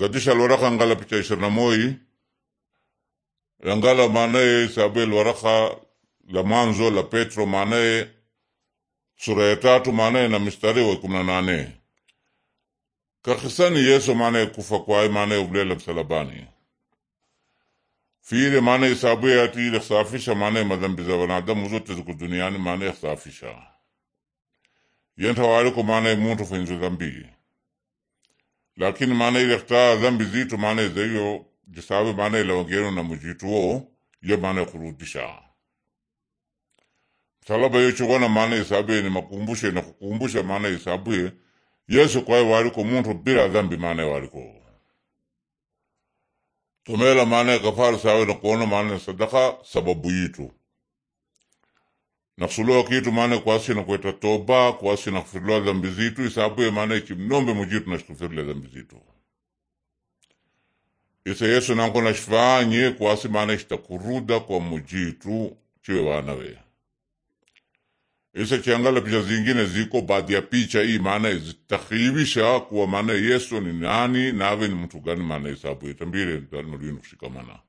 gadisha lwaraka ngala picha ishirini na moi yangala ngala maanaye sababu alwaraka la mwanzo la Petro maanaye sura ya tatu maanaye na mistari wa kumi na nane kakisani Yesu maanaye kufa kwaye maanaye ubulela msalabani fiile maanaye isabuye ati ile khsafisha maanaye madhambi za wanadamu zote ziko duniani maanaye khsafisha yenthawaliko maanaye muntu fenzo zambi lakini maana ilekta dhambi zitu maana zeyo jisabe maana ilawangeno na mujituo iyo maana kurudisha msalaba yochugona maana isabuye ni makumbushe na kukumbusha maana isabue yesu kwaye waliko muntu bila dhambi maana waliko tumela maana kafara sawe na kuona maana sadaka sababu yitu na kusulowa kitu maana na kuita toba kuasina kufirila dhambi zitu ya maana ikimnombe mujitu nashikufirile dhambi zitu isa yesu nanko nashifanye kuasi maana ishitakuruda kwa mujitu chiwe we isa chiangala picha zingine ziko baadhi ya picha hii maana zitakhivisha kuwa maana yesu ni nani na ave ni mtu gani maana ya isabuye tambile mtalmalwinu kushikamana